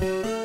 Thank you.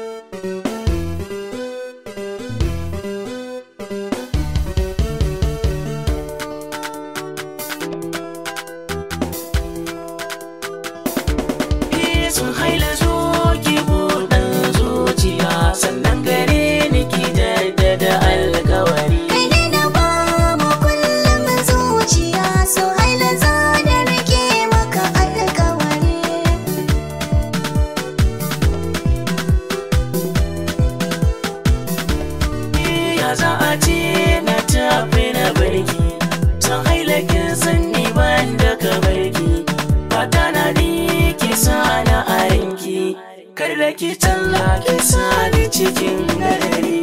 karlaki talla ki sani cikin gari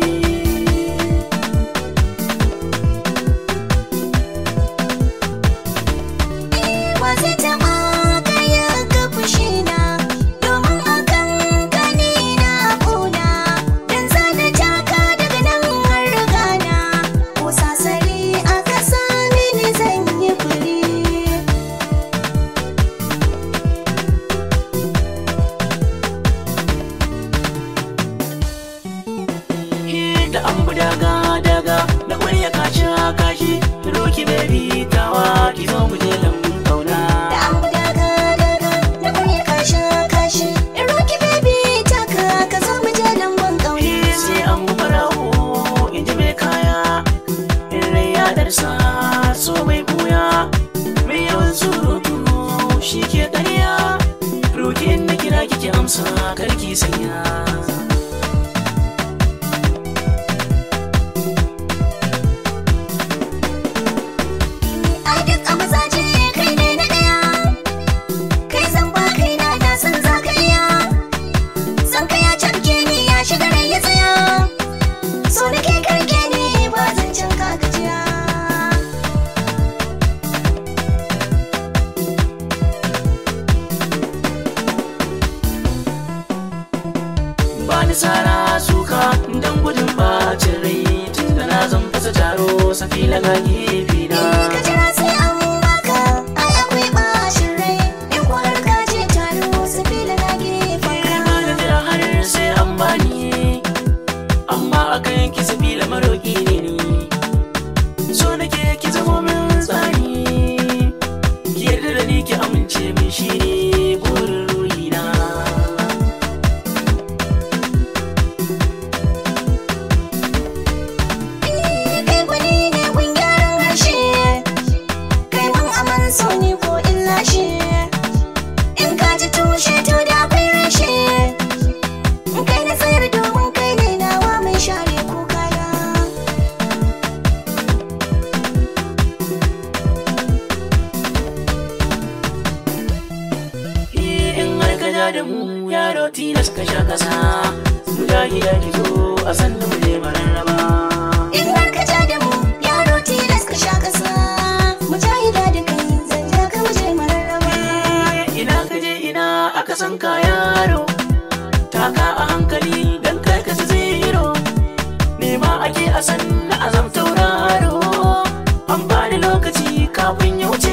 da ambu daga daga na kwai ya kashi a kashi lambun da roki mai bitawa ka zo mu je lambu kauna sai ambu farawo in ji kaya in rai mai shi ke roki na kira kike amsa karki sanya wani sara suka don gudun bacin rai tun da na zan fasa taro safila ga kula da mu yaro tilas ka sha kasa mujahida ki zo a sannu ne mararraba in ba ka ja da mu yaro tilas ka sha kasa mujahida da kai zan ja ka waje mararraba eh, ina ka je ina aka san ka yaro taka a hankali dan kai ka zero nema ake a sannu a tauraro an bani lokaci kafin ya wuce